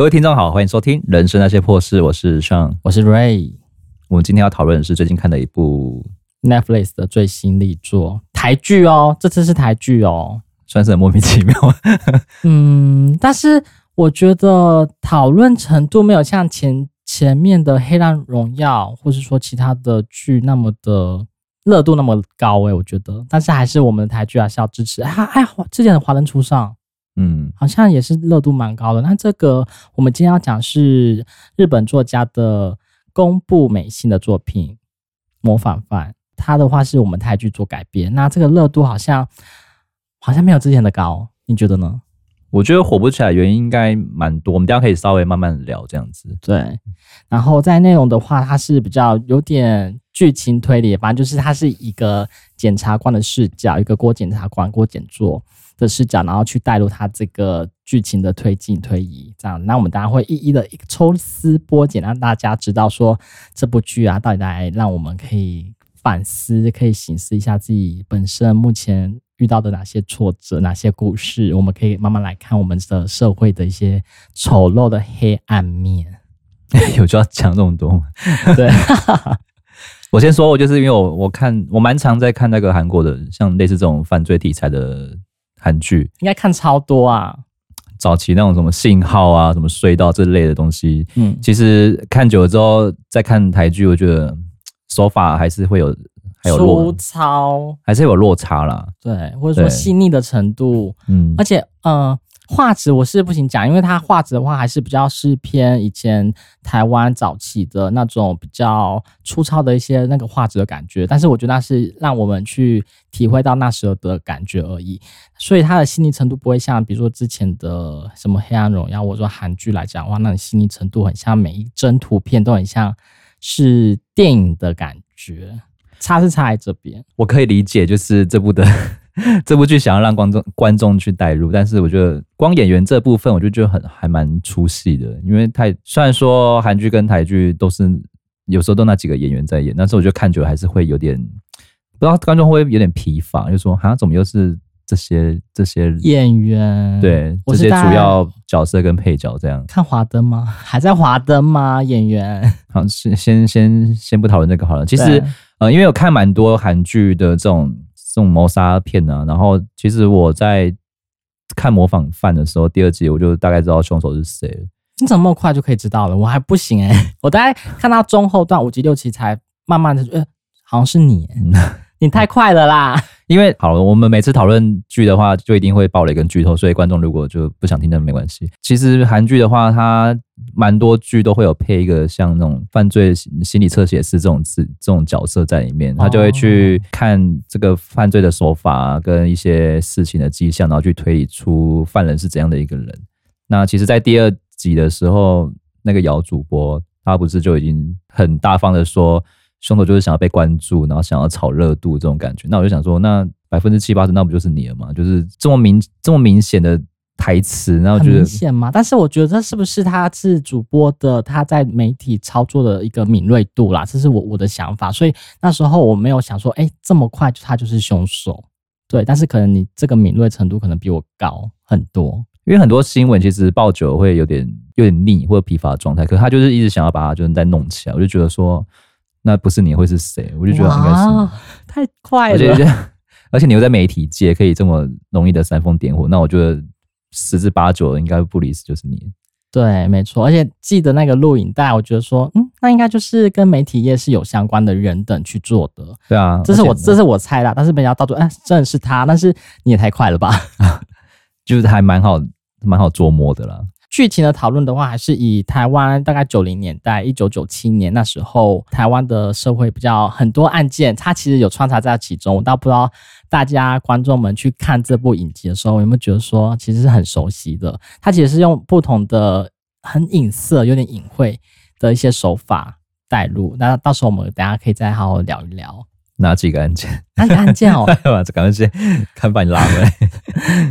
各位聽眾好，歡迎收聽《人生那些破事》，我是尚，我是 Ray。我們今天要討論的是最近看的一部 Netflix 的最新力作台劇哦，這次是台劇哦，算是很莫名其妙。嗯，但是我覺得討論程度沒有像前前面的《黑暗榮耀》或是說其他的劇那麼的熱度那麼高誒、欸，我覺得，但是還是我們的台劇還是要支持，哎呀，哎呀，之前的華燈初上。嗯，好像也是熱度蠻高的。那這個我們今天要講是日本作家的宮部美幸的作品《模仿犯》，它的話是我們台劇做改編。那這個熱度好像好像沒有之前的高，你覺得呢？我覺得火不起來原因應該蠻多，我們等一下可以稍微慢慢聊這樣子。對。然後在內容的話，它是比較有點劇情推理，反正就是它是一個檢察官的視角，一個郭檢察官郭檢座的視角，然後去帶入他這個劇情的推進推移，這樣，那我們當然會一一的一抽絲剝繭，讓大家知道說這部劇啊，到底來讓我們可以反思，可以醒思一下自己本身目前遇到的哪些挫折，哪些故事，我們可以慢慢來看我們的社會的一些醜陋的黑暗面。 有就要講這麼多嗎？ 對，， 我先說，我就是因為我我看我蠻常在看那個韓國的，像類似這種犯罪題材的。韓劇應該看超多啊，早期那種什麼信號啊、什麼隧道這類的東西，嗯，其實看久了之後再看台劇，我覺得手法還是會有，還有粗糙，還是有落差啦，對，或者說細膩的程度，嗯，而且，嗯、呃。畫質我是不行講，因為它畫質的話還是比較是偏以前台灣早期的那種比較粗糙的一些那個畫質的感覺，但是我覺得那是讓我們去體會到那時候的感覺而已，所以它的細膩程度不會像比如說之前的什麼《黑暗榮耀》，我說韓劇來講的話，那種細膩程度很像每一幀圖片都很像是電影的感覺，差是差在這邊，我可以理解，就是這部的。 這部劇想要讓觀眾觀眾去代入，但是我覺得光演員這部分，我就覺得很還蠻出戲的。因為台雖然說韓劇跟台劇都是有時候都那幾個演員在演，但是我就覺得看久了還是會有點不知道觀眾會不會有點疲乏，就是說，好像怎麼又是這些這些演員？對，這些主要角色跟配角這樣。看華燈嗎？還在華燈嗎？演員？好，先先先，先不討論這個好了。其實呃，因為有看蠻多韓劇的這種。這種謀殺片啊，然後其實我在看模仿犯的時候，第二集我就大概知道兇手是誰。你怎麼那麼快就可以知道了？我還不行哎、欸，我大概看到中後段五集六集才慢慢的，呃，好像是你， 你太快了啦。 因為好了，我們每次討論劇的話，就一定會爆雷跟劇透，所以觀眾如果就不想聽的，那沒關係。其實韓劇的話，它蠻多劇都會有配一個像那種犯罪心理側寫師這種這種角色在裡面，他就會去看這個犯罪的手法跟一些事情的跡象，然後去推理出犯人是怎樣的一個人。那其實，在第二集的時候，那個姚主播他不是就已經很大方的說。兇手就是想要被關注，然後想要炒熱度這種感覺。那我就想說，那百分之七八十，那不就是你了嗎？就是這麼明這麼明顯的台詞，然後覺得明顯嗎？但是我覺得，這是不是他是主播的他在媒體操作的一個敏銳度啦？這是我我的想法。所以那時候我沒有想說，哎，這麼快就他就是凶手。對，但是可能你這個敏銳程度可能比我高很多，因為很多新聞其實報久會有點有點膩，或者疲乏的狀態。可是他就是一直想要把它就是再弄起來，我就覺得說。那不是你會是誰？我就覺得應該是，太快了。而且，而且你又在媒體界，可以這麼容易的煽風點火，那我覺得十之八九應該不離十就是你。對，沒錯。而且記得那個錄影帶，我覺得說，嗯，那應該就是跟媒體業是有相關的人等去做的。對啊，這是我，我這是我猜的，但是被人家想到，哎，真的是他。但是你也太快了吧， 就是還蠻好，蠻好捉摸的啦。劇情的討論的話，還是以台灣大概九零年代一九九七年那時候台灣的社會比較很多案件，它其實有穿插在其中。我倒不知道大家觀眾們去看這部影集的時候有沒有覺得說，其實是很熟悉的。它其實是用不同的很隱色，有點隱晦的一些手法帶入。那到時候我們大家可以再好好聊一聊哪幾個案件？哪幾個案件哦，喔？趕快直接看把你拉回來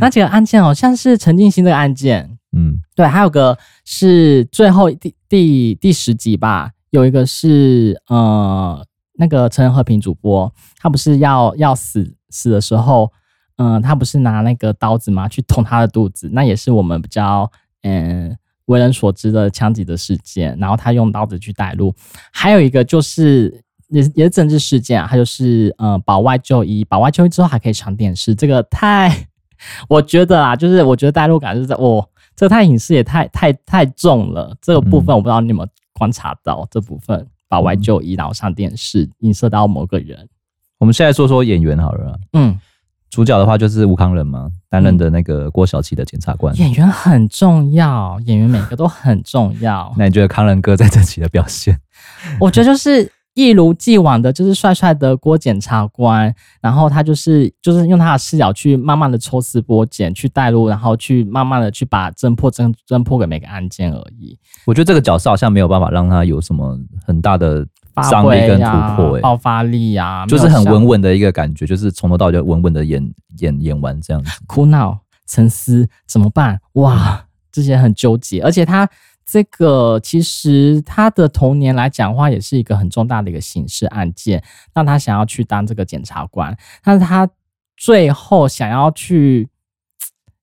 。哪幾個案件，喔？好像是陳進興這個案件。嗯。對，還有個是最後第第第十集吧，有一個是呃那個陳和平主播，他不是要要死死的時候，嗯、呃，他不是拿那個刀子嘛，去捅他的肚子，那也是我們比較嗯、呃、為人所知的槍擊的事件。然後他用刀子去帶路，還有一個就是也也是政治事件啊，他就是呃保外就醫，保外就醫之後還可以上電視，這個太我覺得啊，就是我覺得帶入感是在我。哦這太影視也太太太重了，這個部分我不知道你有沒有觀察到。嗯、這部分把外就移然上電視映、嗯、射到某個人。我們現在說說演員好了。嗯，主角的話就是吳慷仁嘛，擔任的那個郭曉其的檢察官，嗯。演員很重要，演員每個都很重要。 那你覺得慷仁哥在這期的表現？ 我覺得就是。一如既往的就是帥帥的郭檢察官，然後他就是就是用他的視角去慢慢的抽絲剝繭去帶路，然後去慢慢的去把偵破偵偵破給每個案件而已。我覺得這個角色好像沒有辦法讓他有什麼很大的發揮跟突破，欸，爆發力啊，就是很穩穩的一個感覺，就是從頭到尾就穩穩的演演演完這樣子。哭鬧沉思，怎麼辦？哇，這些很糾結，而且他，這個其實他的童年來講的話，也是一個很重大的一個刑事案件，讓他想要去當這個檢察官。但是他最後想要去，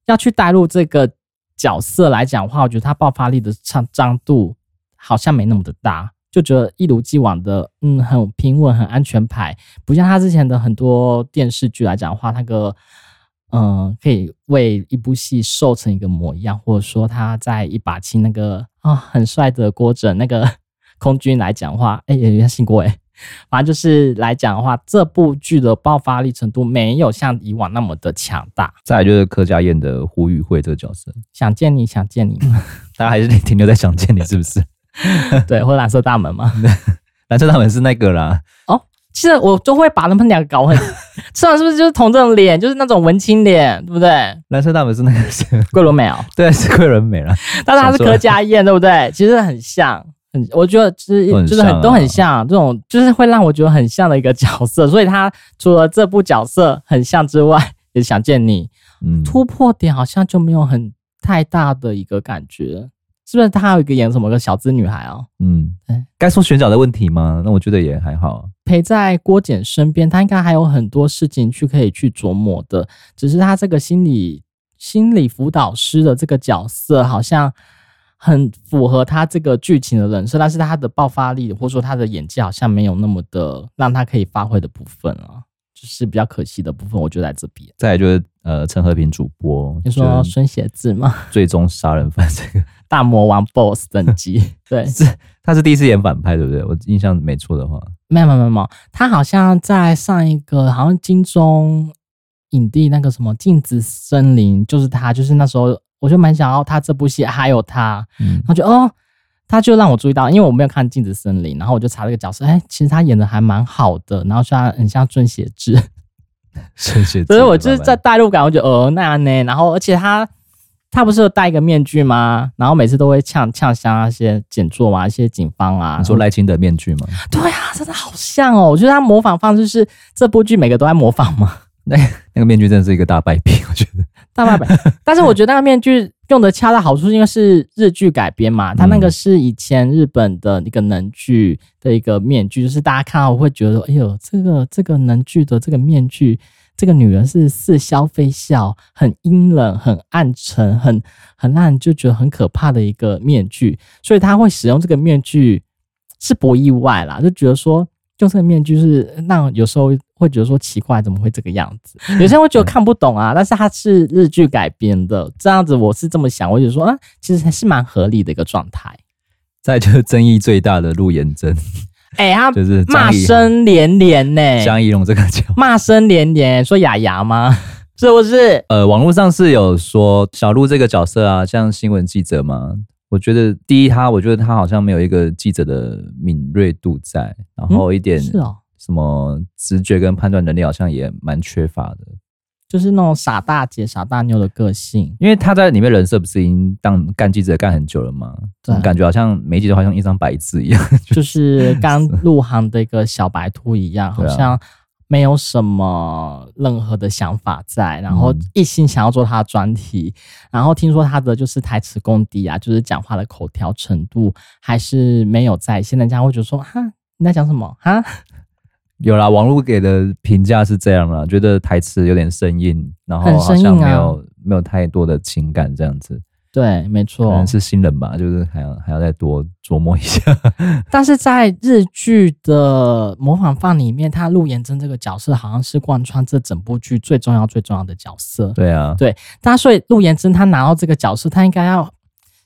要去帶入這個角色來講的話，我覺得他爆發力的張張度好像沒那麼的大，就覺得一如既往的，嗯，很平穩、很安全牌，不像他之前的很多電視劇來講的話那個。嗯，可以為一部戲瘦成一個模樣，或者說他在一把青那個啊、哦、很帥的郭軫那個空軍來講的話，哎、欸，人家姓郭哎，反正就是來講的話，這部劇的爆發力程度沒有像以往那麼的強大。再來就是柯佳嬿的胡宇慧這個角色，想見你想見你， 大家還是停留在想見你是不是？ 對，或藍色大門嘛，藍色大門是那個啦哦。是，我就會把他們兩個搞很， 吃完是不是就是同這種臉，就是那種文青臉，對不對？藍色大門是那個是 桂綸鎂哦，對，是桂綸鎂了。但是他是柯佳嬿，對不對？其實很像，很，我覺得其、就、實、是啊、就是很都很像，這種就是會讓我覺得很像的一個角色。所以他除了這部角色很像之外，也想見你。嗯、突破點好像就沒有很太大的一個感覺。是不是他還有一個演什麼個小資女孩哦、喔？嗯，對，該說選角的問題嗎？那我覺得也還好。陪在郭檢身邊，他應該還有很多事情去可以去琢磨的。只是他這個心理心理輔導師的這個角色，好像很符合他這個劇情的人設，但是他的爆發力或者說他的演技，好像沒有那麼的讓他可以發揮的部分啊、喔，就是比較可惜的部分，我覺得在這邊。再來就是呃，陳和平主播，你說孫協志嗎？最終殺人犯這個。 大魔王 boss 等級，對，是他是第一次演反派，對不對？我印象沒錯的話，沒有沒有沒有，他好像在上一個，好像金鐘影帝那個什麼《鏡子森林》，就是他，就是那時候我就蠻想要他這部戲，還有他，嗯，他就哦，他就讓我注意到，因為我沒有看《鏡子森林》，然後我就查了個角色，哎，其實他演的還蠻好的，然後雖然很像孫協志，孫協志，所以我就在代入感，我覺得哦那樣呢，然後而且他。他不是有戴一個面具嗎？然後每次都會嗆嗆聲那些檢座啊，一些警方啊。你說賴清德面具嗎？對啊，真的好像哦。我覺得他模仿方式是這部劇每個都在模仿嘛。那 那個面具真的是一個大敗筆，我覺得。大敗筆。 但是我覺得那個面具用得恰到好處，因為是日劇改編嘛。他、嗯、那個是以前日本的那個能劇的一個面具，就是大家看到我會覺得說哎呦，這個這個能劇的這個面具。”這個女人是似笑非笑，很陰冷，很暗沉，很很讓人就覺得很可怕的一個面具，所以她會使用這個面具是不意外啦，就覺得說用這個面具是那有時候會覺得說奇怪，怎麼會這個樣子？有些人會覺得看不懂啊， 但是它是日劇改編的，這樣子我是這麼想，我就說啊，其實還是蠻合理的一個狀態。再就是爭議最大的路妍真。哎、欸，他就是罵聲連連呢。江一龍這個叫罵聲連連，說雅雅嗎？是不是？呃，網絡上是有說小鹿這個角色啊，像新聞記者嘛？我覺得第一他，他我覺得他好像沒有一個記者的敏銳度在，然後一點什麼直覺跟判斷能力好像也蠻缺乏的。就是那種傻大姐、傻大妞的個性，因為她在裡面人設不是已經當幹記者幹很久了嗎？怎麼感覺好像每集的話像一張白紙一樣，就是剛入行的一個小白兔一樣，好像沒有什麼任何的想法在，然後一心想要做她的專題、嗯。然後聽說她的就是台詞功底啊，就是講話的口條程度還是沒有在，現在人家會覺得說：“哈，你在講什麼？哈？”有啦，網絡給的評價是這樣啦，覺得台詞有點生硬，然後好像沒有、啊、沒有太多的情感這樣子。對，沒錯，可能是新人吧，就是還要還要再多琢磨一下。 但是在日劇的模仿犯裡面，他陸延真這個角色好像是貫穿這整部劇最重要最重要的角色。對啊，對，但所以陸延真他拿到這個角色，他應該要。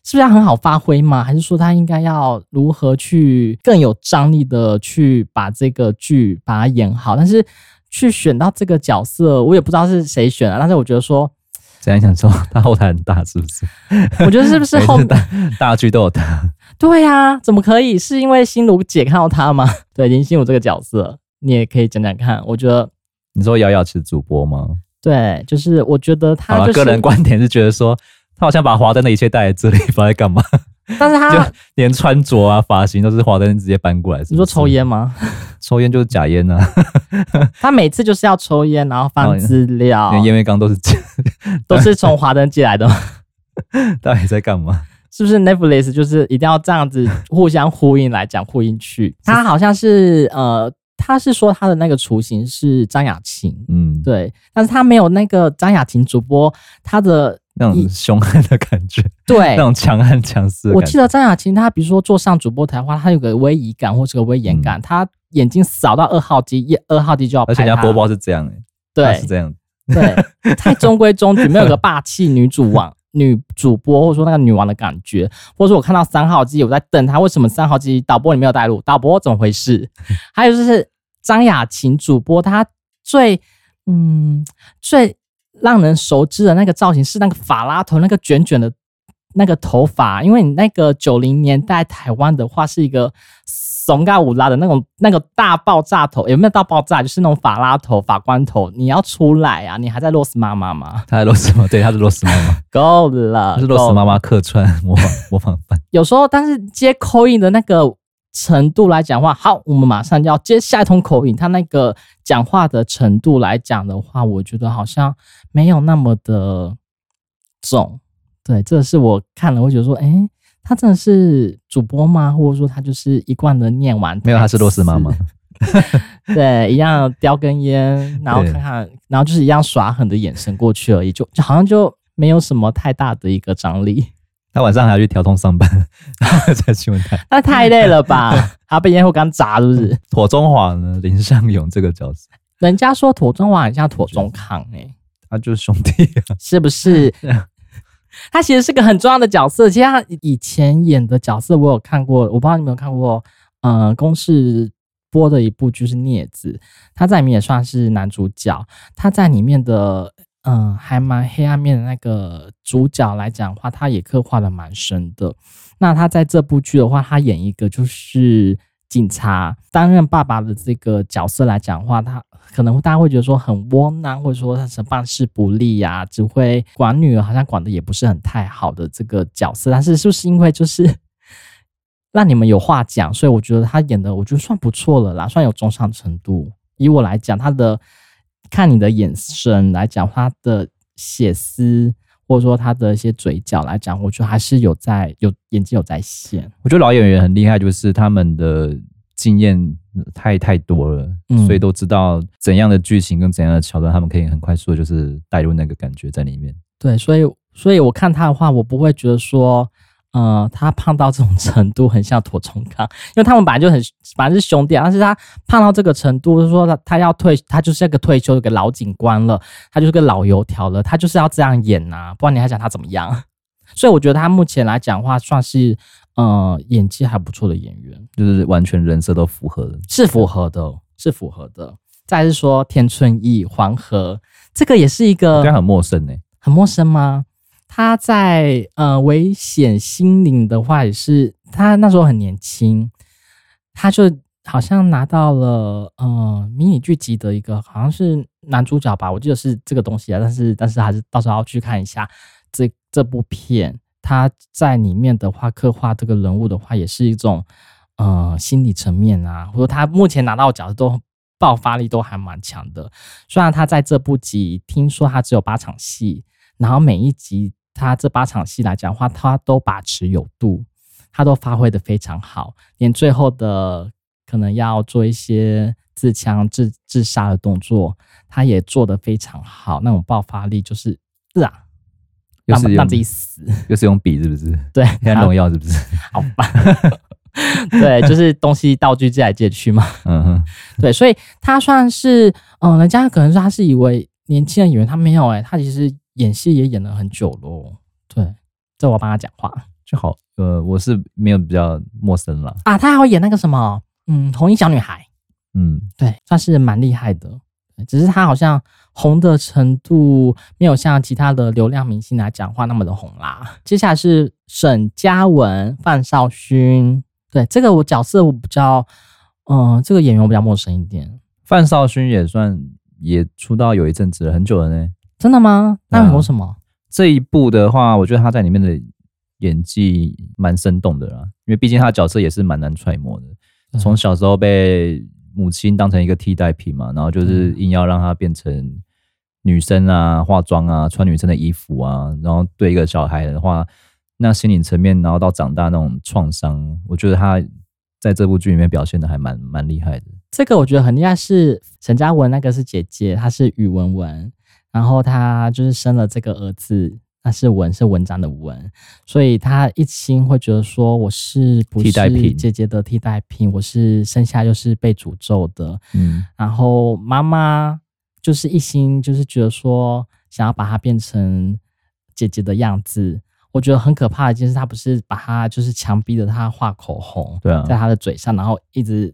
是不是要很好發揮嗎？還是說他應該要如何去更有張力的去把這個劇把它演好？但是去選到這個角色，我也不知道是誰選啊。但是我覺得說，怎樣講說他後台很大，是不是？ 我覺得是不是後台大劇都有他 ？對呀、啊，怎麼可以？是因為心如姐看到他嗎？ 對，林心如這個角色，你也可以講講看。我覺得你說瑤瑤是主播嗎？對，就是我覺得他，好啦，個人觀點是覺得說。他好像把華燈的一切帶來這裡，放在幹嘛？但是他 就連穿着啊、髮型都是華燈直接搬過來是不是。你說抽煙嗎？抽煙就是假煙啊。他每次就是要抽煙，然後放資料，連煙灰缸都是 都是從華燈寄來的嗎。 到底在幹嘛？是不是 Netflix 就是一定要這樣子互相呼應來講、呼應去？他好像是呃，他是說他的那個雛形是張雅琴，嗯，對，但是他沒有那個張雅琴主播他的。那種兇狠的感覺，對那種強悍強勢。我記得張雅琴，她比如說坐上主播台的話，她有個威儀感或是個威嚴感、嗯，她眼睛掃到二號機，一二號機就要拍。而且人家播報是這樣哎、欸，對，是這樣，對，太中規中矩，沒有個霸氣女主王 女主播，或者說那個女王的感覺，或者說我看到三號機，我在等她，為什麼三號機導播你沒有帶路？導播怎麼回事？還有就是張雅琴主播，她最嗯最。讓人熟知的那個造型是那個法拉頭，那個捲捲的那個頭髮啊。因為你那個九零年代台灣的話，是一個松嘎五拉的那種那個大爆炸頭，有沒有大爆炸？就是那種法拉頭法官頭。你要出來啊！你還在洛斯媽媽嗎？他在洛斯嗎？對，他是媽媽， 他是洛斯媽媽。夠了，她是洛斯媽媽客串模仿模仿有時候，但是接 call in 的那個程度來講話，好，我們馬上要接下一通 call in。他那個講話的程度來講的話，我覺得好像。沒有那麼的重，對，這是我看了，我覺得說，哎，他真的是主播嗎？或者說他就是一貫的念完？沒有，他是洛斯媽媽，媽， 對，一樣叼根菸，然後看看，然後就是一樣耍狠的眼神過去而已，就就好像就沒有什麼太大的一個張力。他晚上還要去調通上班，然後再去問她。那太累了吧？ 他被菸灰缸砸是不是？庹宗華呢？林尚勇這個角色，人家說庹宗華很像庹宗康哎、欸。他就是兄弟，是不是？他其實是個很重要的角色。其實他以前演的角色我有看過，我不知道你們有，有看過。呃，公視播的一部劇是《孽子》，他在裡面也算是男主角。他在裡面的嗯、呃，還蠻黑暗面的那個主角來講的話，他也刻畫的蠻深的。那他在這部劇的話，他演一個就是警察擔任爸爸的這個角色來講的話，他。可能大家會覺得說很窩囊啊，或者說他是辦事不力呀，只會管女兒，好像管的也不是很太好的這個角色。但是，是不是因為就是讓你們有話講，所以我覺得他演的，我覺得算不錯了啦，算有中上程度。以我來講，他的看你的眼神來講，他的血絲，或者說他的一些嘴角來講，我覺得還是有在有演技有在線。我覺得老演員很厲害，就是他們的經驗。太太多了，嗯，所以都知道怎樣的劇情跟怎樣的橋段，他們可以很快速的就是帶入那個感覺在裡面。對，所以所以我看他的話，我不會覺得說，嗯，他胖到這種程度很像庹宗康，因為他們本來就很反正是兄弟，啊，但是他胖到這個程度，說他他要退，他就是一個退休的老警官了，他就是個老油條了，他就是要這樣演吶，啊，不然你還想他怎麼樣？所以我覺得他目前來講話算是。呃，演技還不錯的演員，就是完全人設都符合的，是符合的，是符合的。再是說，田春義黃河，這個也是一個，應該很陌生呢、欸，很陌生嗎？他在呃，危險心靈的話也是，他那時候很年輕，他就好像拿到了呃，迷你劇集的一個，好像是男主角吧，我記得是這個東西啊，但是但是還是到時候要去看一下這這部片。他在裡面的話，刻畫這個人物的話，也是一種，呃，心理層面啊。或者他目前拿到的角色都爆發力都還蠻強的。雖然他在這部集聽說他只有八場戲，然後每一集他這八場戲來講的話，他都把持有度，他都發揮的非常好。連最後的可能要做一些自槍自自殺的動作，他也做的非常好。那種爆發力就是是啊。就是讓自己死，就是用筆，是不是？對，看農藥，是不是？好吧， 對，就是東西道具借來借去嘛。嗯哼，對，所以他算是，嗯、呃，人家可能說他是以為年輕人以為他沒有、欸，誒他其實演戲也演了很久嘍、喔。對，這我幫他講話就好。呃，我是沒有比較陌生了啊，他還會演那個什麼，嗯，紅衣小女孩，嗯，對，算是蠻厲害的。只是他好像紅的程度沒有像其他的流量明星來講話那麼的紅啦。接下來是沈佳文、范少勳，對這個我角色我比較，嗯，這個演員我比較陌生一點。范少勳也算也出道有一陣子了，很久了呢。真的嗎？那有，有什麼？這一部的話，我覺得他在裡面的演技蠻生動的啦，因為畢竟他角色也是蠻難揣摩的，從小時候被。母親當成一個替代品嘛，然後就是硬要讓她變成女生啊，化妝啊，穿女生的衣服啊，然後對一個小孩的話，那心理層面，然後到長大那種創傷，我覺得她在這部劇裡面表現得還蠻蠻厲害的。這個我覺得很厲害，是陳嘉文那個是姐姐，她是宇文文，然後她就是生了這個兒子。那是文，是文章的文，所以他一心會覺得說，我是不是姐姐的替代品？代品，我是生下就是被詛咒的。嗯，然後媽媽就是一心就是覺得說，想要把她變成姐姐的樣子。我覺得很可怕的一件事，他不是把她，就是強逼着她畫口紅，啊、在她的嘴上，然後一直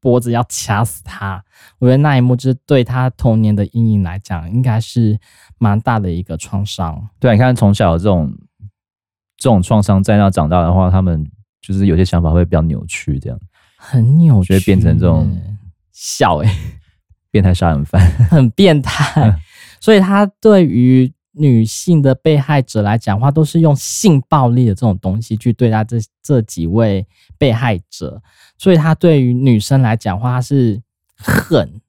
脖子要掐死她。我覺得那一幕，就是對她童年的陰影來講，應該是。蠻大的一個創傷。對，你看從小有這種這種創傷在那長大的話，他們就是有些想法會比較扭曲，這樣很扭曲，就會變成這種小誒、欸、變態殺人犯，很變態。 所以他對於女性的被害者來講話，都是用性暴力的這種東西去對待這這幾位被害者。所以他對於女生來講話，他是很。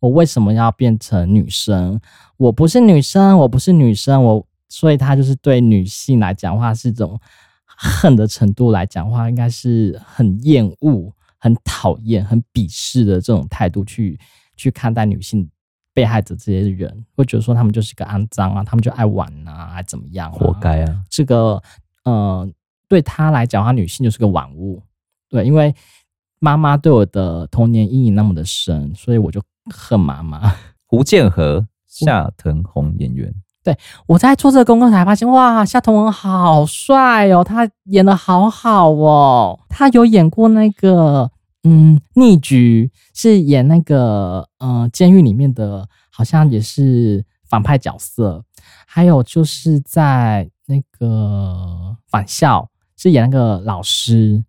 我為什麼要變成女生？我不是女生，我不是女生，我所以他就是對女性來講話，是一種恨的程度來講話，應該是很厭惡、很討厭、很鄙視的這種態度去去看待女性被害者這些人，會覺得說他們就是個骯髒啊，他們就愛玩啊，還怎麼樣、啊？活該啊！這個嗯、呃，對他來講，他女性就是個玩物。對，因為媽媽對我的童年陰影那麼的深，所以我就。很媽媽，胡建和夏騰宏演員。對，我在做這個功課才發現，哇，夏騰宏好帥哦，他演得好好哦。他有演過那個，嗯，逆局是演那個，呃，監獄裡面的，好像也是反派角色。還有就是在那個返校是演那個老師，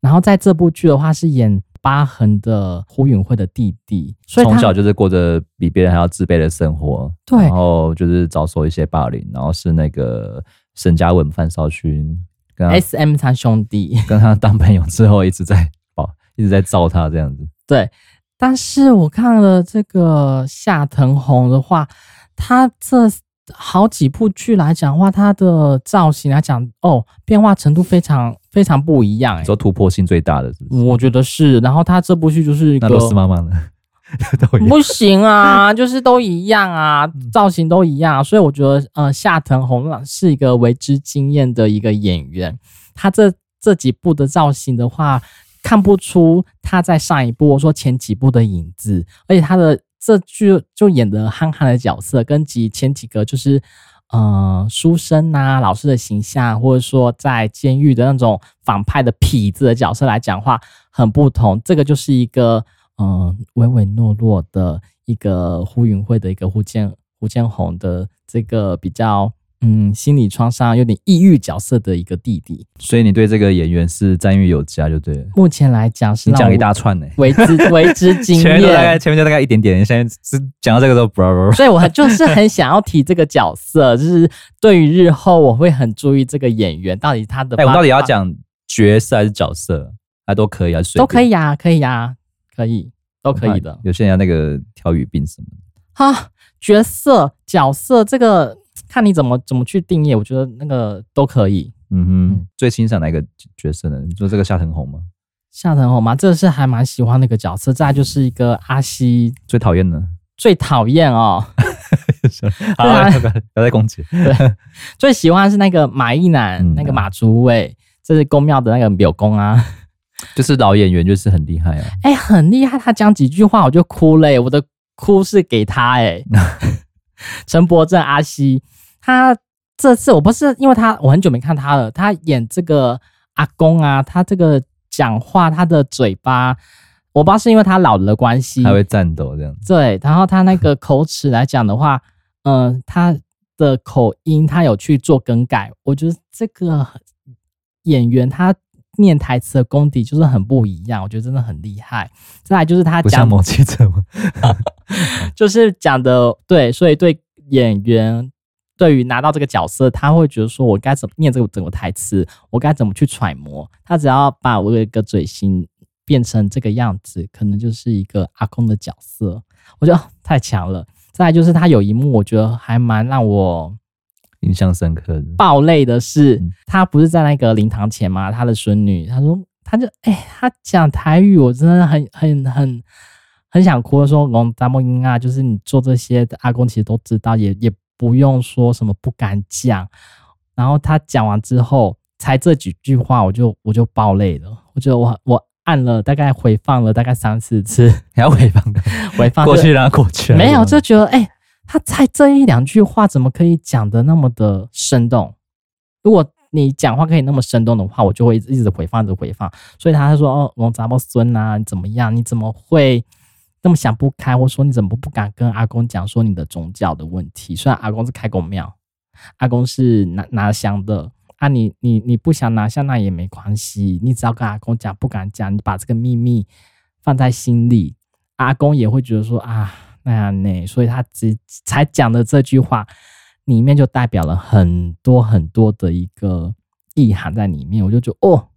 然後在這部劇的話是演。疤痕的胡允慧的弟弟，所以從小就是過着比別人還要自卑的生活，對，然後就是遭受一些霸凌，然後是那個沈嘉文、范少勳跟 SM 他兄弟跟他當朋友之後，一直在 哦，一直在罩他這樣子。對，但是我看了這個夏騰宏的話，他這。好幾部劇來講的話，它的造型來講哦，變化程度非常非常不一樣，欸。所說突破性最大的是是，我覺得是。然後他這部劇就是俄羅斯媽媽的， 不行啊，就是都一樣啊， 造型都一樣。所以我覺得，呃，夏騰宏啊是一個為之驚艷的一個演員。他這這幾部的造型的話，看不出他在上一部說前幾部的影子，而且他的。這就就演得憨憨的角色，跟幾前幾個就是，呃，書生吶、啊、老師的形象，或者說在監獄的那種反派的痞子的角色來講的話很不同。這個就是一個嗯，唯、呃、唯諾，諾諾的一個胡雲慧的一個胡建胡建紅的這個比較。嗯，心理創傷有點抑鬱角色的一個弟弟，所以你對這個演員是讚譽有加就對了。目前來講是，你講一大串呢、欸，為之為之驚艷。 前面大概前面就大概一點點，現在只講到這個都不拉不拉。所以我就是很想要提這個角色， 就是對於日後我會很注意這個演員到底他的。哎、欸，我到底要講角色還是角色？哎，都可以啊，都可以呀，可以呀，可以，都可以的。有些人要那個挑語病什麼？哈、啊、角色角色這個。看你怎麼怎麼去定義，我覺得那個都可以。嗯哼，最欣賞哪一個角色呢？就這個夏騰宏嗎？夏騰宏嗎？這是還蠻喜歡那個角色。再就是一個阿西，最討厭的，最討厭哦。不要不要攻擊。對，啊啊啊啊啊啊、對 最喜歡是那個馬義男，嗯、那個馬主委、啊，這是宮廟的那個廟公啊，就是老演員，就是很厲害啊。哎、欸，很厲害，他講幾句話我就哭了、欸，我的哭是給他哎、欸。陳 博正，阿西。他這次我不是因為他，我很久沒看他了。他演這個阿公啊，他這個講話，他的嘴巴，我不知道是因為他老了的關係，他會顫抖這樣。對，然後他那個口齒來講的話，嗯，他的口音他有去做更改。我覺得這個演員他念台詞的功底就是很不一樣，我覺得真的很厲害。再來就是他講不像某記者 就是講的對，所以對演員。對於拿到這個角色，他會覺得說：“我該怎麼念這個整個台詞？我該怎麼去揣摩？”他只要把我一個嘴型變成這個樣子，可能就是一個阿公的角色。我覺得、哦、太強了。再來就是他有一幕，我覺得還蠻讓我印象深刻的。爆淚的是，他不是在那個靈堂前嗎？他的孫女，他說他就哎、欸，他講台語，我真的很很很很想哭的說，龍達摩英啊，就是你做這些，阿公其實都知道，也也。不用說什麼不敢講，然後他講完之後，才這幾句話我就我就爆淚了。我覺得我我按了大概回放了大概三四次， 你要回放的回放的過去然後過去。沒有就覺得哎、欸，他才這一兩句話怎麼可以講的那麼的生動？如果你講話可以那麼生動的話，我就會一直，一直回放一直回放。所以他說哦，我咋不孫啊？你怎麼樣？你怎麼會？那麼想不開，我說你怎麼不敢跟阿公講說你的宗教的問題？雖然阿公是開公廟，阿公是拿拿香的，啊你，你你你不想拿香那也沒關係，你只要跟阿公講，不敢講，你把這個秘密放在心裡，阿公也會覺得說啊那樣呢，所以他只才講的這句話裡面就代表了很多很多的一個意涵在裡面，我就覺得哦，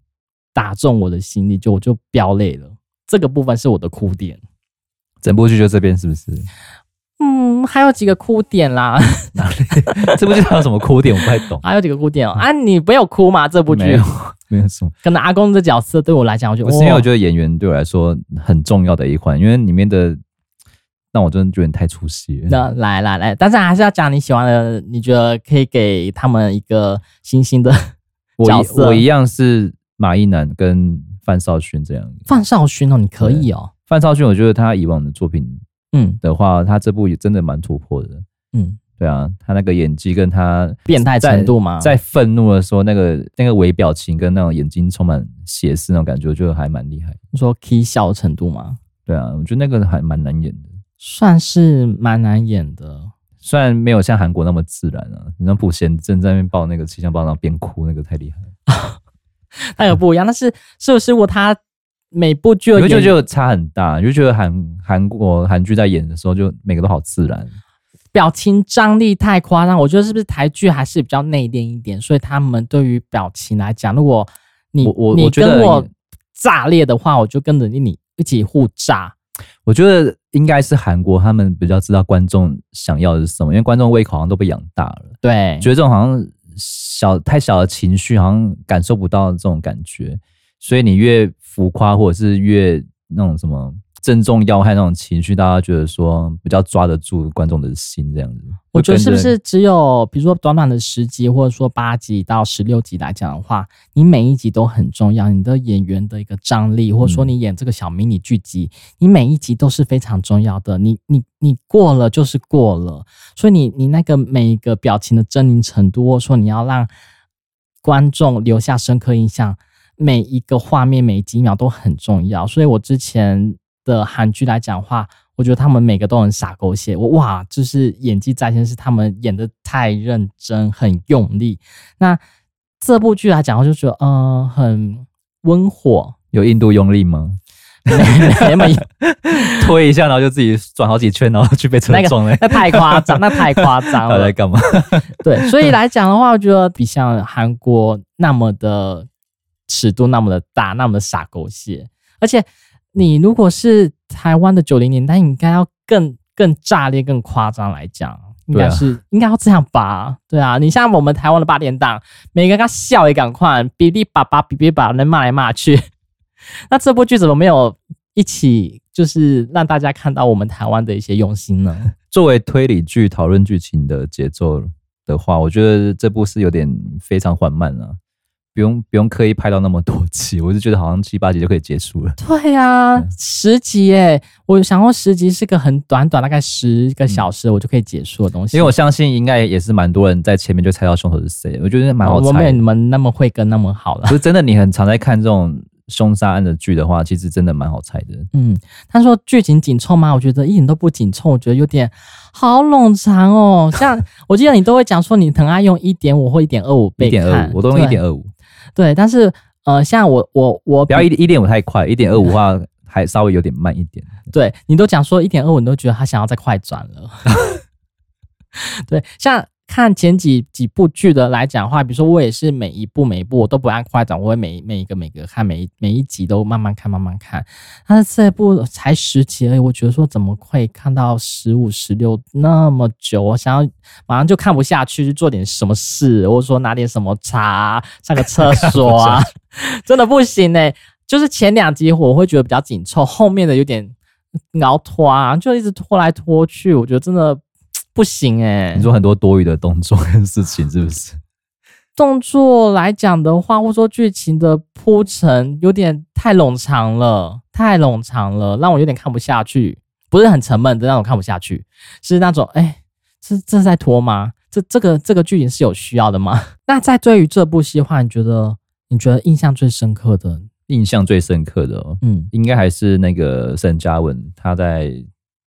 打中我的心裡，就我就飆淚了，這個部分是我的哭點。整部劇就這邊是不是？嗯，還有幾個哭點啦。 哪裡？這部劇還有什麼哭點？我不太懂。 還有幾個哭點哦。啊，你不要哭嘛！這部劇沒有，沒有什麼可能阿公這角色對我來講，我覺得因為我覺得演員對我來說很重要的一環、哦、因為裡面的，讓我真的覺得你太出息了。那來來來，但是還是要講你喜歡的，你覺得可以給他們一個新興的角色我。我一樣是馬一楠跟范少勳這樣。范少勳哦，你可以哦。范少勳，我覺得他以往的作品，嗯，的話，他這部也真的蠻突破的，嗯，對啊，他那個演技跟他變態程度嘛，在憤怒的時候，那個那個微表情跟那種眼睛充滿血絲那種感覺，我覺得還蠻厲害。你說起笑程度嗎？對啊，我覺得那個還蠻難演的，算是蠻難演的。雖然沒有像韓國那麼自然啊，你像朴賢正在那邊抱那個氣象報，然後邊哭那個太厲害 他有不一樣。 但是，是不是我他？每部劇就覺得就差很大，就覺得韓韓國韓劇在演的時候，就每個都好自然，表情張力太誇張。我覺得是不是台劇還是比較內斂一點，所以他們對於表情來講，如果你你跟我炸裂的話，我就跟着你一起互炸。我覺得應該是韓國，他們比較知道觀眾想要的是什麼，因為觀眾胃口好像都被養大了，對，覺得這種好像小太小的情緒好像感受不到這種感覺，所以你越。浮誇，或者是越那種什麼正中要害那種情緒，大家覺得說比較抓得住觀眾的心，這樣子。我覺得是不是只有比如說短短的十集，或者說八集到十六集來講的話，你每一集都很重要。你的演員的一個張力，或者說你演這個小迷你劇集，嗯、你每一集都是非常重要的。你你你過了就是過了，所以你你那個每一個表情的猙獰程度，或說你要讓觀眾留下深刻印象。每一個畫面，每幾秒都很重要，所以我之前的韓劇來講話，我覺得他們每個都很傻狗血。我哇，就是演技在線，是他們演得太認真，很用力。那這部劇來講的話，我就覺得嗯、呃，很溫火，有印度用力嗎？沒有，推一下，然後就自己轉好幾圈，然後就被車撞了，那個，那太誇張， 那太誇張了。在幹嘛？ 對，所以來講的話，我覺得比像韓國那麼的。尺度那麼的大，那麼的傻狗血，而且你如果是台灣的九零年代，應該要更更炸裂，更誇張來講，應該是，啊、應該要這樣吧？對啊，你像我們台灣的八點檔，每個人他笑也趕快，嗶哩吧吧，嗶嗶吧，能罵來罵去。 那這部劇怎麼沒有一起，就是讓大家看到我們台灣的一些用心呢？作為推理劇討論劇情的節奏的話，我覺得這部是有點非常緩慢啊。不用不用刻意拍到那麼多集，我就覺得好像七八集就可以結束了。對啊，嗯、十集誒，我想說十集是個很短短，大概十個小時我就可以結束的東西。因為我相信應該也是蠻多人在前面就猜到兇手是誰，我覺得蠻好猜的。我沒有你們那麼會跟那麼好了。就是真的，你很常在看這種兇殺案的劇的話，其實真的蠻好猜的。嗯，他說劇情緊湊嗎？我覺得一點都不緊湊，我覺得有點好冗長哦。 像我記得你都會講說你疼愛用一點五或一點二五倍，一點二五，我都用一點二五。對，但是呃，像我我我，我不要一一點五太快，一點二五的話還稍微有點慢一點、嗯。對，你都講說一點二五，你都覺得他想要再快轉了。 對，像。看前幾幾部劇的來講的話，比如說我也是每一部每一部我都不按快轉，我會每每一個每一個看每，每每一集都慢慢看，慢慢看。但是這一部才十集而已，我覺得說怎麼會看到十五、十六那麼久？我想要馬上就看不下去，去做點什麼事，或者說拿點什麼茶、啊、上個廁所啊， 不上 真的不行哎、欸。就是前兩集我會覺得比較緊湊，後面的有點熬拖啊，就一直拖來拖去，我覺得真的。不行哎、欸！你說很多多餘的動作跟事情是不是？ 動作來講的話，或者說劇情的鋪陳有點太冗長了，太冗長了，讓我有點看不下去。不是很沉悶的，讓我看不下去，是那種哎，欸、這是正在拖嗎？這這個這個劇情是有需要的嗎？ 那在對於這部戲的話，你覺得你覺得印象最深刻的，印象最深刻的、哦，嗯，應該還是那個沈嘉文他在。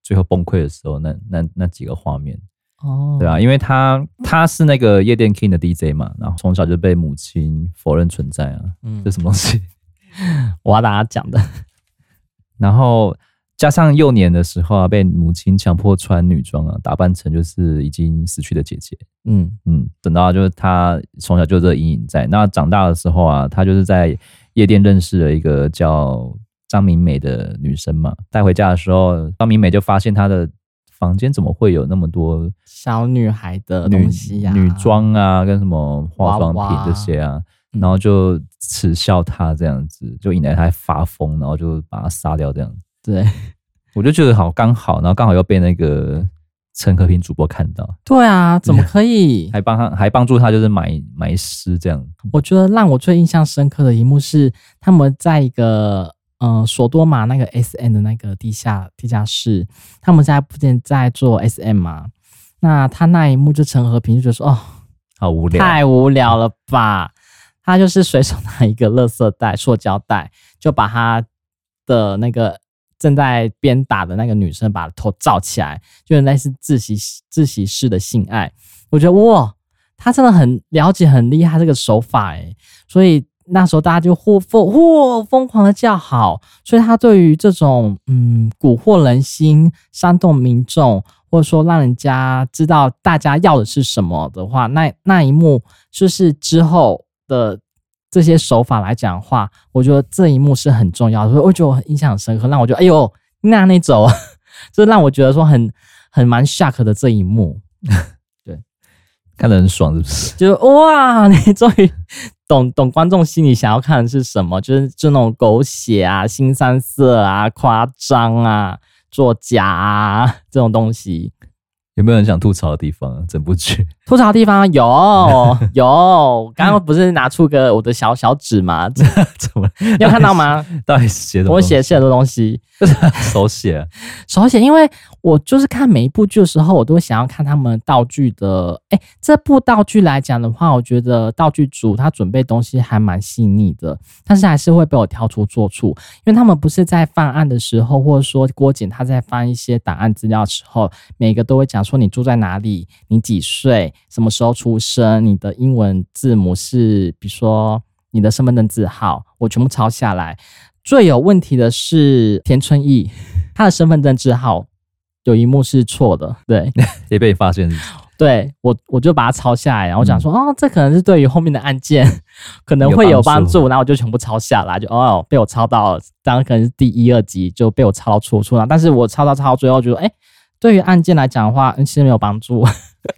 最後崩潰的時候，那那那幾個畫面，哦、oh.，對啊，因為他他是那個夜店 King 的 DJ 嘛，然後從小就被母親否認存在啊，嗯，這什麼東西？我要大家講的， 然後加上幼年的時候啊，被母親強迫穿女裝啊，打扮成就是已經死去的姐姐，嗯嗯，等到就是他從小就這陰影在，那長大的時候啊，他就是在夜店認識了一個叫。張明美的女生嘛，帶回家的時候，張明美就發現她的房間怎麼會有那麼多女小女孩的東西呀、啊，女裝啊，跟什麼化妝品這些啊，哇哇，然後就恥笑她這樣子，嗯、就引來她發瘋，然後就把她殺掉這樣。對，我就覺得好剛好，然後剛好又被那個陳和平主播看到。對啊，怎麼可以？還幫她，還幫助她就是埋埋屍這樣。我覺得讓我最印象深刻的一幕是他們在一個。呃，索多瑪那個 S M 的那個地下地下室，他們家不僅在做 S M 嘛，那他那一幕就陳和平就覺得說，哦，好無聊，太無聊了吧？他就是隨手拿一個垃圾袋、塑膠袋，就把他的那個正在鞭打的那個女生把頭罩起來，就原來是窒息窒息式的性愛，我覺得哇，他真的很了解、很厲害這個手法誒、欸，所以。那時候大家就呼瘋呼瘋狂的叫好，所以他對於這種嗯蠱惑人心、煽動民眾，或者說讓人家知道大家要的是什麼的話，那那一幕就是之後的這些手法來講的話，我覺得這一幕是很重要的，所以我覺得我很印象深刻，讓我覺得哎呦那那種、啊，就是、讓我覺得說很很蠻 shock 的這一幕，對， 看得很爽是不是？就哇，你終於。 懂懂觀眾心裡想要看的是什麼？就是就那種狗血啊、新三色啊、誇張啊、作假啊這種東西。有沒有很想吐槽的地方啊？整部劇吐槽的地方有有，剛剛 不是拿出個我的小小紙嗎？ 怎麼？你有看到嗎？到底是寫什麼？我寫寫很多東西，手寫手寫，因為我就是看每一部劇的時候，我都會想要看他們道具的。哎、欸，這部道具來講的話，我覺得道具組他準備東西還蠻細膩的，但是還是會被我挑出錯處，因為他們不是在犯案的時候，或者說郭檢他在翻一些檔案資料的時候，每個都會講。說你住在哪裡？你幾歲？什麼時候出生？你的英文字母是，比如說你的身份證字號，我全部抄下來。最有問題的是田春義，他的身份證字號有一幕是錯的，對， 也被發現對。對，我，我就把它抄下來，然後我想說、嗯，哦，這可能是對於後面的案件可能會有幫助,助，然後我就全部抄下來，就哦，被我抄到了，當然可能是第一、二集就被我抄錯錯了。但是我抄抄抄，最後就說，哎、欸。對於案件來講的話、嗯，其實沒有幫助，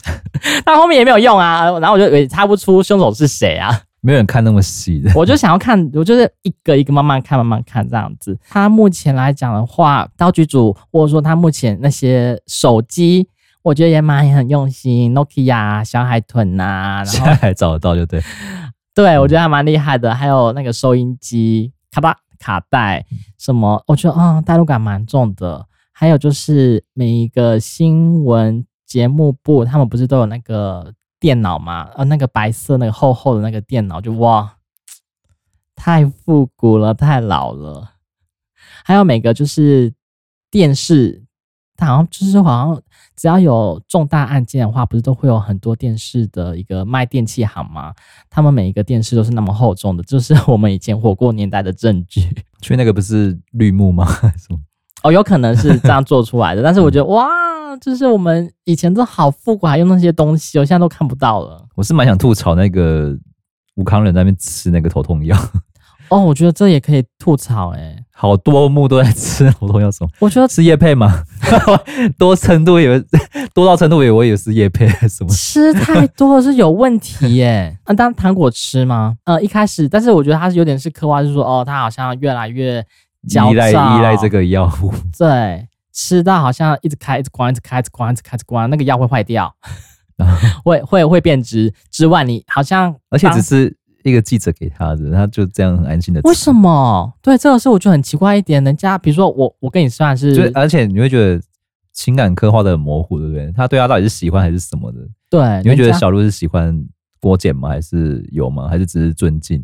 但後面也沒有用啊。然後我就也猜不出兇手是誰啊。沒有人看那麼細的，我就想要看，我就是一個一個慢慢看，慢慢看這樣子。他目前來講的話，道具組或者說他目前那些手機，我覺得也蠻很用心，Nokia 小海豚啊然後，現在還找得到就對，對我覺得還蠻厲害的。還有那個收音機、卡巴卡帶什麼，我覺得啊，哦、代入感蠻重的。還有就是每一個新聞節目部，他們不是都有那個電腦嗎？呃、啊，那個白色，那個厚厚的那個電腦，就哇，太複古了，太老了。還有每個就是電視，它好像就是好像只要有重大案件的話，不是都會有很多電視的一個賣電器行嗎？他們每一個電視都是那麼厚重的，就是我們以前活過年代的證據。所以那個不是綠幕嗎？ 哦，有可能是這樣做出來的， 但是我覺得哇，就是我們以前都好復古，還用那些東西，我現在都看不到了。我是蠻想吐槽那個武康人在那邊吃那個頭痛藥。哦，我覺得這也可以吐槽哎、欸，好多幕都在吃頭痛藥什麼。我覺得吃業配嗎？ 多程度也多到程度也，我也是業配什麼？吃太多是有問題耶、欸。那 當糖果吃嗎？嗯、呃，一開始，但是我覺得他是有點是刻畫，就是說哦，他好像越來越。依賴依賴這個藥物， 對，吃到好像一直開一直關，一直開一直關一直開一直關一直開一關那個藥會壞掉， 會會會變質。之外，你好像而且只是一個記者給他的，他就這樣很安心的吃。為什麼？對，這個事我就很奇怪一點，人家比如說我我跟你算是就，就而且你會覺得情感刻畫的很模糊，對不對？他對他到底是喜歡還是什麼的？對，你會覺得小鹿是喜歡郭檢嗎？還是有嗎？還是只是尊敬？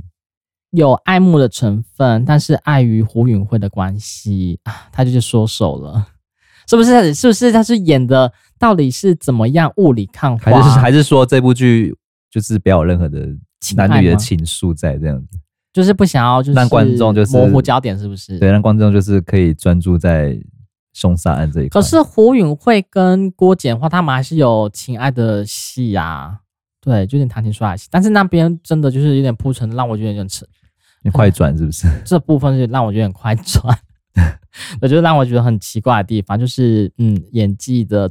有愛慕的成分，但是礙於胡允慧的關係啊，他就是收手了，是不是？是不是？他是演的到底是怎麼樣霧裡看花，還是還是說這部劇就是不要有任何的情男女的情愫在這樣子，就是不想要就是讓觀眾就是模糊焦點，是不是？對，讓觀眾就是可以專注在凶殺案這一塊。可是胡允慧跟郭簡化他們還是有情愛的戲呀、啊。對，就有點談情說愛，但是那邊真的就是有點鋪陳，讓我覺得有點扯。你快轉是不是？ 這部分是讓我覺得很快轉。我覺得讓我覺得很奇怪的地方就是，嗯，演技的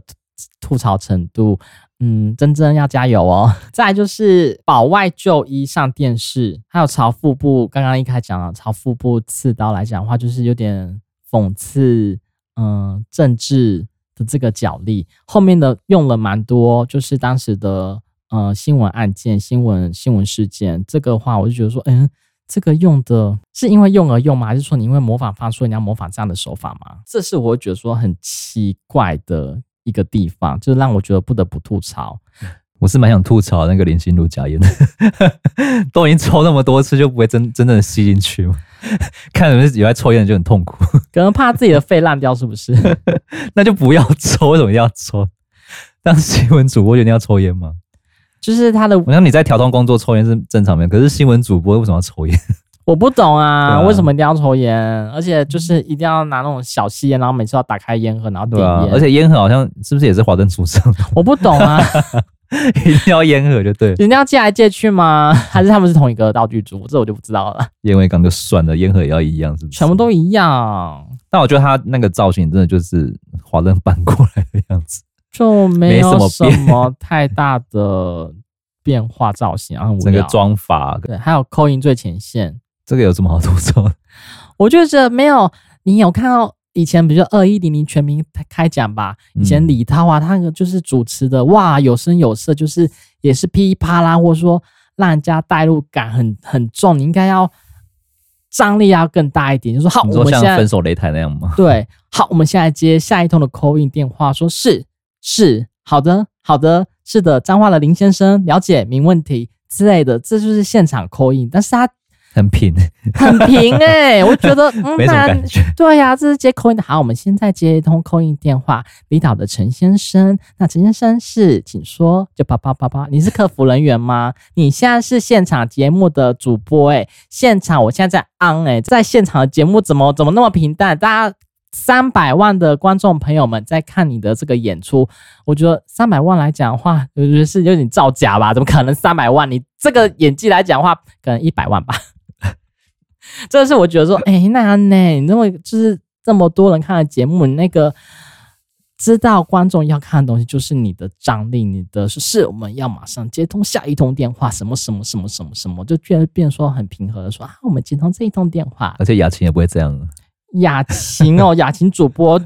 吐槽程度，嗯，真正要加油哦。再來就是保外就醫上電視，還有朝腹部，剛剛一開始講了朝腹部刺刀來講的話，就是有點諷刺，嗯，政治的這個角力。後面的用了蠻多，就是當時的。呃，新聞案件、新聞新聞事件，這個話我就覺得說，嗯、欸，這個用的是因為用而用嗎？還是說你因為模仿犯說，你要模仿這樣的手法嗎？這是我覺得說很奇怪的一個地方，就是讓我覺得不得不吐槽。我是蠻想吐槽的那個林心如假煙， 都已經抽那麼多次，就不會真真的吸進去嗎？ 看你們有在抽煙就很痛苦，可能怕自己的肺爛掉是不是？ 那就不要抽，為什麼要抽？當新聞主播一定要抽煙嗎？就是他的，我想你在條通工作抽煙是正常的，可是新聞主播為什麼要抽煙？我不懂啊，啊，為什麼一定要抽煙？而且就是一定要拿那種小細煙，然後每次要打開煙盒，然後點煙，對、啊，而且煙盒好像是不是也是華燈初上？我不懂啊， 一定要煙盒就對，人家借來借去嗎？還是他們是同一個道具組？這我就不知道了。煙灰缸就算了，煙盒也要一樣是不是？全部都一樣。但我覺得他那個造型真的就是華燈搬過來的樣子。就沒什麼什麼太大的變化，造型啊，整個妝髮，啊、對，還有 call in 最前線，這個有什麼好吐槽？我覺得，覺得沒有。你有看到以前，比如說二一零零全民開講吧，以前李濤啊，他那個就是主持的，哇，有聲有色，就是也是噼里啪啦，或者說讓人家代入感很很重。你應該要張力要更大一點，就說好，我們現在說，像分手擂台那樣嗎？對，好，我們現在接下一通的 call in 電話，說是。是好的，好的，是的，彰化的林先生，了解，沒問題之類的，這就是現場 call in，但是他很平， 很平哎、欸，我覺得、嗯、沒什麼感覺。對呀、啊，這是接 call in 的。好，我們現在接一通 call in 電話，李導的陳先生，那陳先生是，請說，就叭叭叭叭，你是客服人員嗎？ 你現在是現場節目的主播哎、欸，現場我現在在 on 哎，在現場的節目怎麼怎麼那麼平淡，大家？三百萬的觀眾朋友們在看你的這個演出，我覺得三百萬來講的話，我覺得是有點造假吧？怎麼可能三百萬？你這個演技來講的話，可能一百萬吧。 這是我覺得說，哎、欸，那安、啊、內，你那麼就是這麼多人看的節目，你那個知道觀眾要看的東西，就是你的張力，你的是，我們要馬上接通下一通電話，什麼什麼什麼什麼什麼，就居然變說很平和的說啊，我們接通這一通電話，而且雅琴也不會這樣、啊。雅琴哦，雅琴主播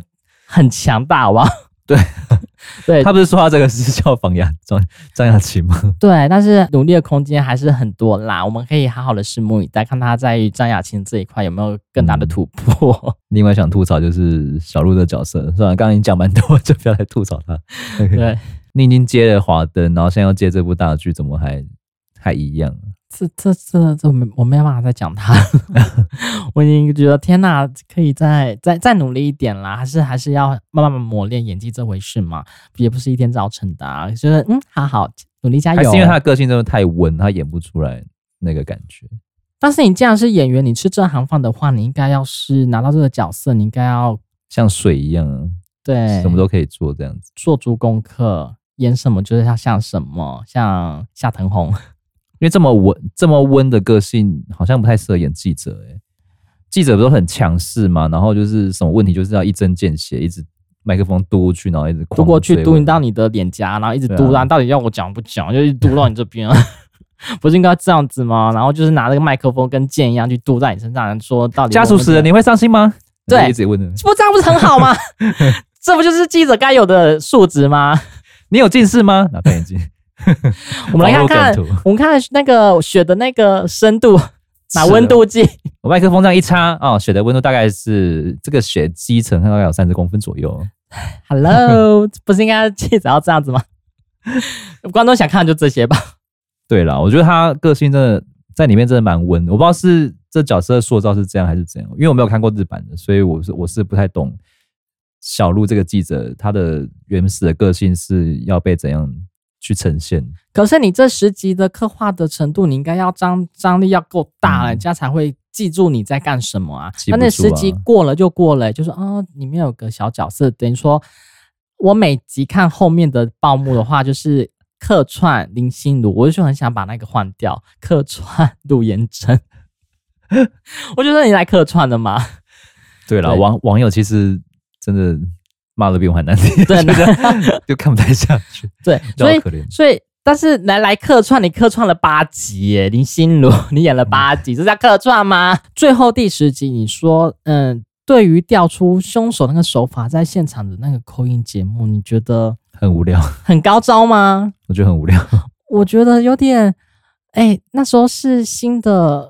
很強大哇！ 對 對，他不是說他這個是叫“仿雅張張雅琴”嗎？對，但是努力的空間還是很多啦。我們可以好好的拭目以待，看他在於張雅琴這一塊有沒有更大的突破。嗯。 另外想吐槽就是小鹿的角色，是吧？剛剛已經講蠻多，就不要來吐槽他。對， 你已經接了華燈，然後現在又接這部大劇，怎麼還還一樣？這這這這我沒我沒辦法再講他， 我已經覺得，天哪，可以再再再努力一點啦，還是還是要慢慢磨練演技這回事嘛，也不是一天造成的，啊。覺得嗯，好好努力加油、欸。還是因為他的個性真的太穩，他演不出來那個感覺。但是你既然是演員，你吃這行飯的話，你應該要是拿到這個角色，你應該要像水一樣啊，對，什麼都可以做，這樣子做足功課，演什麼就是要像什麼，像夏藤紅。因為這麼溫這麼溫的個性，好像不太適合演記者哎、欸。記者不都很強勢嗎？然後就是什麼問題就是要一針見血，一直麥克風嘟去，然後一直嘟過去，嘟你到你的臉頰，然後一直嘟，然後到，到底要我講不講？就一直嘟到你這邊， 不是應該這樣子嗎？然後就是拿那個麥克風跟劍一樣去嘟在你身上，說到底家屬死了你會傷心嗎？對，一直問的。不這樣不是很好嗎？ 這不就是記者該有的素質嗎？你有近視嗎？那戴眼鏡。 我們來看看，我們看那個雪的那個深度，把溫度計，我麥克風這樣一插啊、哦，雪的溫度大概是這個雪基層它大概有三十公分左右。Hello，不是應該記者要這樣子嗎？ 觀眾想看的就這些吧。對了，我覺得他個性真的在裡面真的蠻溫的，我不知道是這角色的塑造是這樣還是怎樣，因為我沒有看過日版的，所以我是我是不太懂小鹿這個記者他的原始的個性是要被怎樣去呈現，可是你這十集的刻畫的程度，你應該要張張力要夠大人、欸、家、嗯、才會記住你在幹什麼啊。那十集過了就過了、欸、啊、就是啊，裡面有個小角色，等於說，我每集看後面的報幕的話，就是客串林心如，我就很想把那個換掉，客串陸延成。我覺得你來客串的嘛。對了，網網友其實真的。罵的比我還難聽，對那個就看不太下去。 對，所以所以但是來來客串，你客串了八集耶，林心如你演了八集，嗯、這叫客串嗎、嗯？最後第十集你說，嗯，對於調出兇手那個手法在現場的那個 call in 節目，你覺得很無聊，很高招嗎？我覺得很無聊，我覺得有點，哎、欸，那時候是新的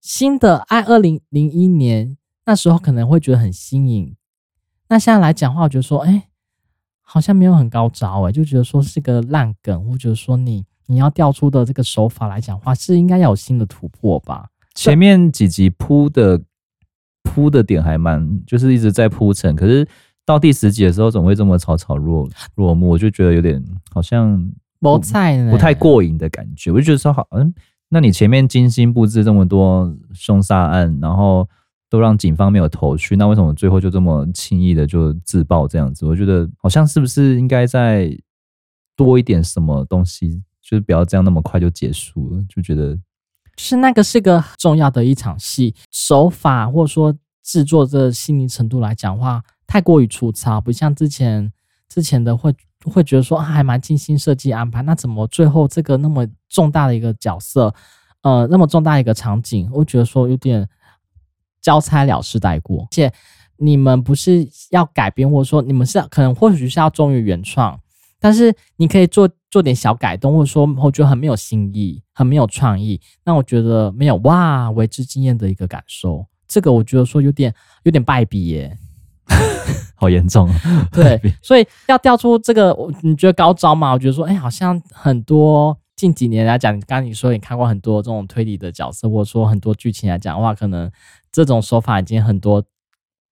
新的，愛二零零一年那時候可能會覺得很新穎。那現在來講話，我覺得說，哎、欸，好像沒有很高招，哎、欸，就覺得說是個爛梗。我覺得說你你要調出的這個手法來講話，是應該要有新的突破吧？前面幾集鋪的鋪的點還蠻，就是一直在鋪陳，可是到第十集的時候，總會這麼草草落落幕，我就覺得有點好像不太不太過癮的感覺。我就覺得說，好，嗯，那你前面精心布置這麼多兇殺案，然後。都讓警方沒有頭緒，那為什麼最後就這麼輕易的就自爆這樣子？我覺得好像是不是應該再多一點什麼東西，就是不要這樣那麼快就結束了？就覺得、就是那個是個重要的一場戲手法，或者說制作的細膩程度來講的話，太過於粗糙，不像之前之前的會會覺得說、啊、還蠻精心設計安排。那怎麼最後這個那麼重大的一個角色，呃，那麼重大的一個場景，我覺得說有點。交差了事帶過，而且你們不是要改編，或者說你們是可能或許是要忠於原創，但是你可以做做點小改動，或者說我覺得很沒有新意，很沒有創意，那我覺得沒有哇，為之驚艷的一個感受，這個我覺得說有點有點敗筆耶、欸， 好嚴重、啊，對，所以要調出這個，我你覺得高招嗎？我覺得說，哎、欸，好像很多近幾年來講，剛剛你說你看過很多這種推理的角色，或者說很多劇情來講的話，可能。這種手法已經很多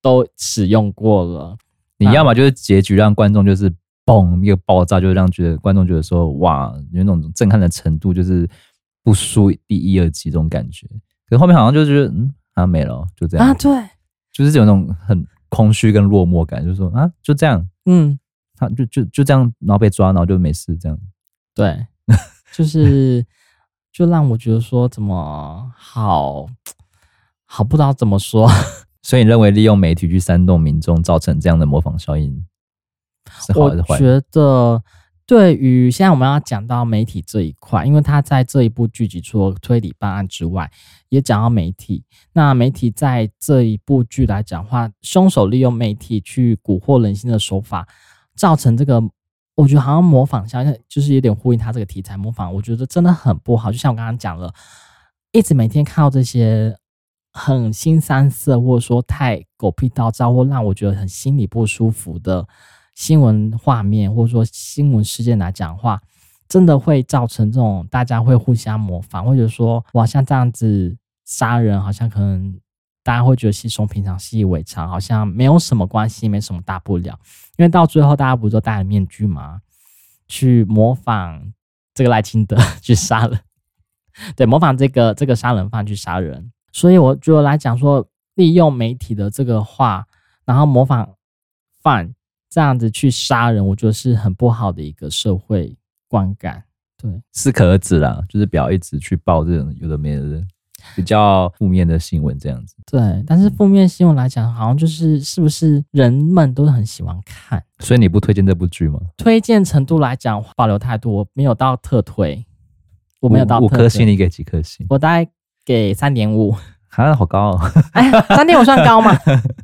都使用過了。你要麼就是結局讓觀眾就是嘣一個爆炸，就是讓覺得觀眾覺得說哇，有那種震撼的程度，就是不輸第一,一,一、二集這種感覺。可是後面好像就覺得嗯，啊沒了、喔，就這樣啊，對，就是有那種很空虛跟落寞感，就是說啊，就這樣，嗯，他、啊、就就就這樣，然後被抓，然後就沒事，這樣對，就是 就讓我覺得說怎麼好。好，不知道怎麼說。 所以，你認為利用媒體去煽動民眾，造成這樣的模仿效應，是好還是壞？我覺得，對於現在我們要講到媒體這一塊，因為他在這一部劇集除了推理辦案之外，也講到媒體。那媒體在這一部劇來講的話，兇手利用媒體去蠱惑人心的手法，造成這個，我覺得好像模仿效應，就是有點呼應他這個題材模仿。我覺得真的很不好。就像我剛剛講了，一直每天看到這些。很腥羶色，或者說太狗屁倒灶，或讓我覺得很心裡不舒服的新聞畫面，或者說新聞事件來講的話，真的會造成這種大家會互相模仿，或者說哇，像這樣子殺人，好像可能大家會覺得稀鬆平常、習以為常，好像沒有什麼關係，沒什麼大不了。因為到最後大家不都戴了面具嗎？去模仿這個賴清德去殺人，對，模仿這個這個殺人犯去殺人。所以我就來講說，利用媒體的這個話，然後模仿犯這樣子去殺人，我覺得是很不好的一個社會觀感。對，適可而止啦，就是不要一直去報這種有的沒的比較負面的新聞這樣子。對，但是負面新聞來講，好像就是是不是人們都很喜歡看？所以你不推薦這部劇嗎？推薦程度來講，保留太多，沒有到特推。我沒有到特推。五，五顆星，你給幾顆星？我大概。給三點五，啊，好高哦。哎，三點五算高嗎？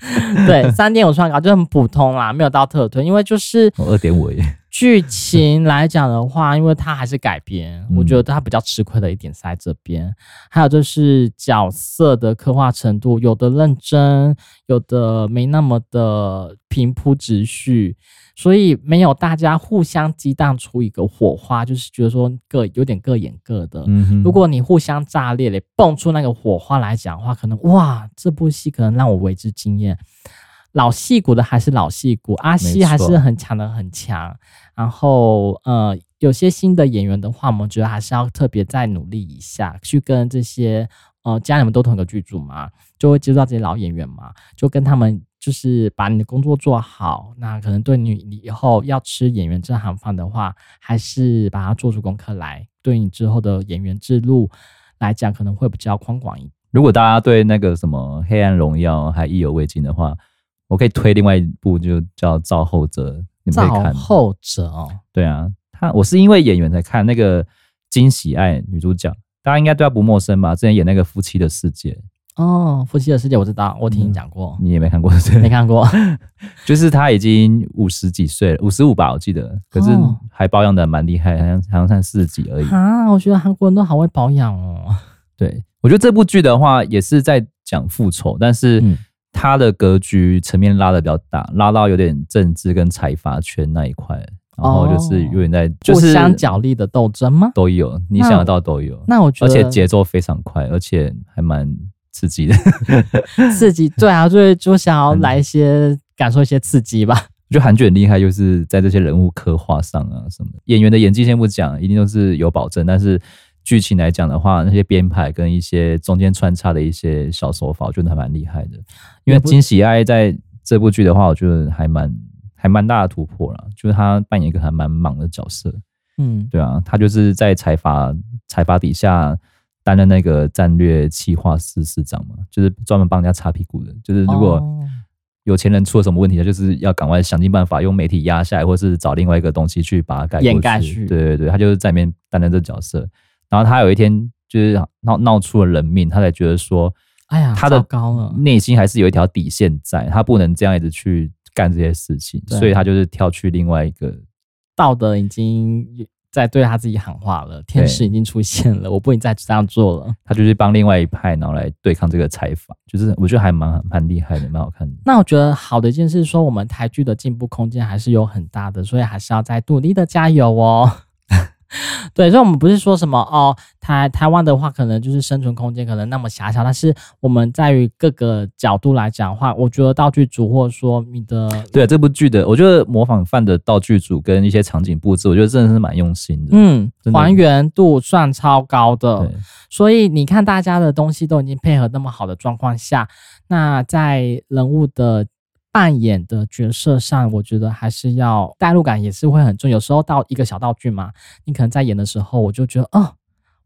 對，三點五算高，就很普通啦，沒有到特推，因為就是二點五。哦劇情來講的話，因為它還是改編，嗯、我覺得它比較吃虧的一點是在這邊，還有就是角色的刻畫程度，有的認真，有的沒那麼的平鋪直敘，所以沒有大家互相激盪出一個火花，就是覺得說各有點各演各的。嗯、如果你互相炸裂的蹦出那個火花來講的話，可能哇，這部戲可能讓我為之驚豔。老戲骨的還是老戲骨，阿西還是很強的很強。然後呃，有些新的演員的話，我們覺得還是要特別再努力一下，去跟這些呃，家人們都同個劇組嘛，就會接觸到這些老演員嘛，就跟他們就是把你的工作做好。那可能對你以後要吃演員這行飯的話，還是把它做出功課來，對你之後的演員之路來講，可能會比較寬廣一點。如果大家對那個什麼《黑暗榮耀》還意猶未盡的話，我可以推另外一部，就叫《造後者》，你們可以看。《造後者》哦，對啊，她，我是因為演員在看那個金喜愛，女主角，大家應該對她不陌生吧？之前演那個《夫妻的世界》哦，《夫妻的世界》我知道，我聽你講過，嗯、你也沒看過，對，沒看過， 就是他已經五十幾歲，了，五十五吧，我記得，可是還保養的蠻厲害，好像好像才四十幾而已啊。我覺得韓國人都好會保養哦。對，我覺得這部劇的話也是在講復仇，但是。嗯他的格局層面拉得比較大，拉到有點政治跟財閥圈那一塊，然後就是，就是有點在、oh, 就是、互相角力的鬥爭嗎？都有，你想得到都有。那，那我覺得，而且節奏非常快，而且還蠻刺激的， 刺激。對啊，就就想要來一些感受一些刺激吧。就韓劇很厲害，就是在這些人物刻畫上啊，什麼的演員的演技先不講，一定都是有保證，但是。劇情來講的話，那些編排跟一些中間穿插的一些小手法，我覺得還蠻厲害的。因為金喜愛在這部劇的話，我覺得還蠻還蠻大的突破了，就是他扮演一個還蠻忙的角色。嗯，對啊，他就是在財閥財閥底下擔任那個戰略企劃司司長嘛，就是專門幫人家擦屁股的。就是如果有錢人出了什麼問題，哦、他就是要趕快想盡辦法用媒體壓下來，或是找另外一個東西去把它蓋過去掩蓋。對對對，他就是在裡面擔任這個角色。然後他有一天就是鬧鬧出了人命，他才覺得說，哎呀，他的內心還是有一條底線在，他不能這樣一直去幹這些事情，所以他就是跳去另外一個，道德已經在對他自己喊話了，天使已經出現了，我不能再這樣做了。他就是幫另外一派，然後來對抗這個採訪，就是我覺得還蠻蠻厲害的，蠻好看的。那我覺得好的一件事是說，我們台劇的進步空間還是有很大的，所以還是要再努力的加油哦。對，所以我們不是說什麼哦，台台灣的話，可能就是生存空間可能那麼狹小，但是我們在於各個角度來講的話，我覺得道具組或者說你的，對啊，這部劇的，我覺得模仿犯的道具組跟一些場景佈置，我覺得真的是蠻用心的，嗯，還原度算超高的，所以你看大家的東西都已經配合那麼好的狀況下，那在人物的。扮演的角色上，我覺得還是要代入感也是會很重。有時候到一個小道具嘛，你可能在演的時候，我就覺得，哦，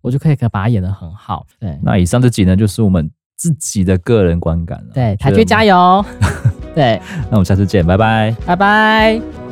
我就可以，可以把它演得很好。對，那以上這集呢，就是我們自己的個人觀感了。對，台劇加油。 對，那我們下次見，拜拜，拜拜，拜。